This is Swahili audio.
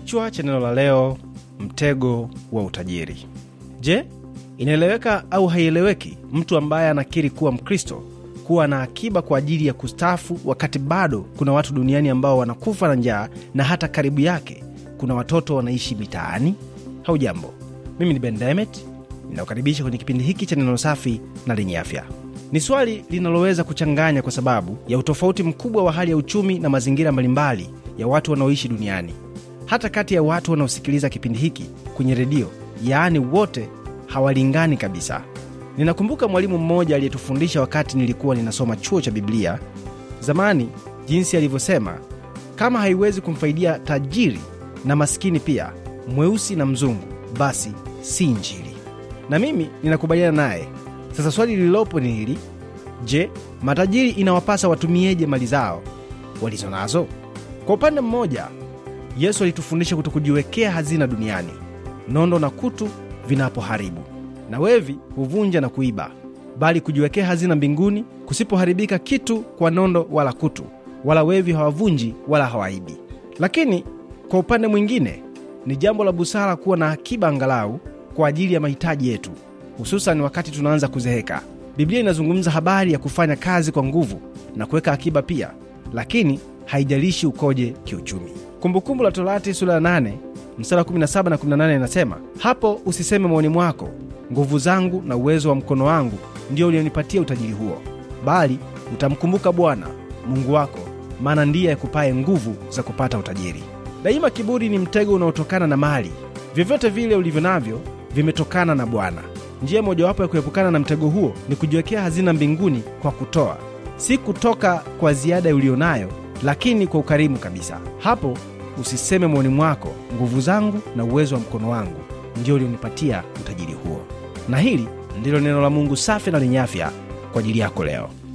Kichwa cha neno la leo, mtego wa utajiri. Je, inaeleweka au haieleweki mtu ambaye anakiri kuwa Mkristo kuwa na akiba kwa ajili ya kustafu wakati bado kuna watu duniani ambao wanakufa na njaa na hata karibu yake kuna watoto wanaishi mitaani? hau jambo mimi ni Ben ninaokaribisha kwenye kipindi hiki cha neno safi na lenye afya. Ni swali linaloweza kuchanganya kwa sababu ya utofauti mkubwa wa hali ya uchumi na mazingira mbalimbali ya watu wanaoishi duniani hata kati ya watu wanaosikiliza kipindi hiki kwenye redio, yaani wote hawalingani kabisa. Ninakumbuka mwalimu mmoja aliyetufundisha wakati nilikuwa ninasoma chuo cha Biblia zamani, jinsi alivyosema, kama haiwezi kumfaidia tajiri na masikini pia, mweusi na mzungu, basi si Injili. Na mimi ninakubaliana naye. Sasa swali lililopo ni hili: je, matajiri inawapasa watumieje mali zao walizo nazo? Kwa upande mmoja Yesu alitufundisha kutokujiwekea hazina duniani, nondo na kutu vinapoharibu na wevi huvunja na kuiba, bali kujiwekea hazina mbinguni kusipoharibika kitu kwa nondo wala kutu wala wevi hawavunji wala hawaibi. Lakini kwa upande mwingine, ni jambo la busara kuwa na akiba angalau kwa ajili ya mahitaji yetu, hususani wakati tunaanza kuzeheka. Biblia inazungumza habari ya kufanya kazi kwa nguvu na kuweka akiba pia, lakini haijalishi ukoje kiuchumi. Kumbukumbu la Torati sura ya 8 mstari 17 na 18 inasema, hapo usiseme moyoni mwako, nguvu zangu na uwezo wa mkono wangu ndiyo ulionipatia utajiri huo, bali utamkumbuka Bwana Mungu wako, maana ndiye yakupaye nguvu za kupata utajiri. Daima kiburi ni mtego unaotokana na mali. Vyovyote vile ulivyo navyo vimetokana na Bwana. Njia mojawapo ya kuepukana na mtego huo ni kujiwekea hazina mbinguni kwa kutoa, si kutoka kwa ziada ulionayo lakini kwa ukarimu kabisa. Hapo usiseme moyoni mwako, nguvu zangu na uwezo wa mkono wangu ndio ulionipatia utajiri huo. Na hili ndilo neno la Mungu safi na lenye afya kwa ajili yako leo.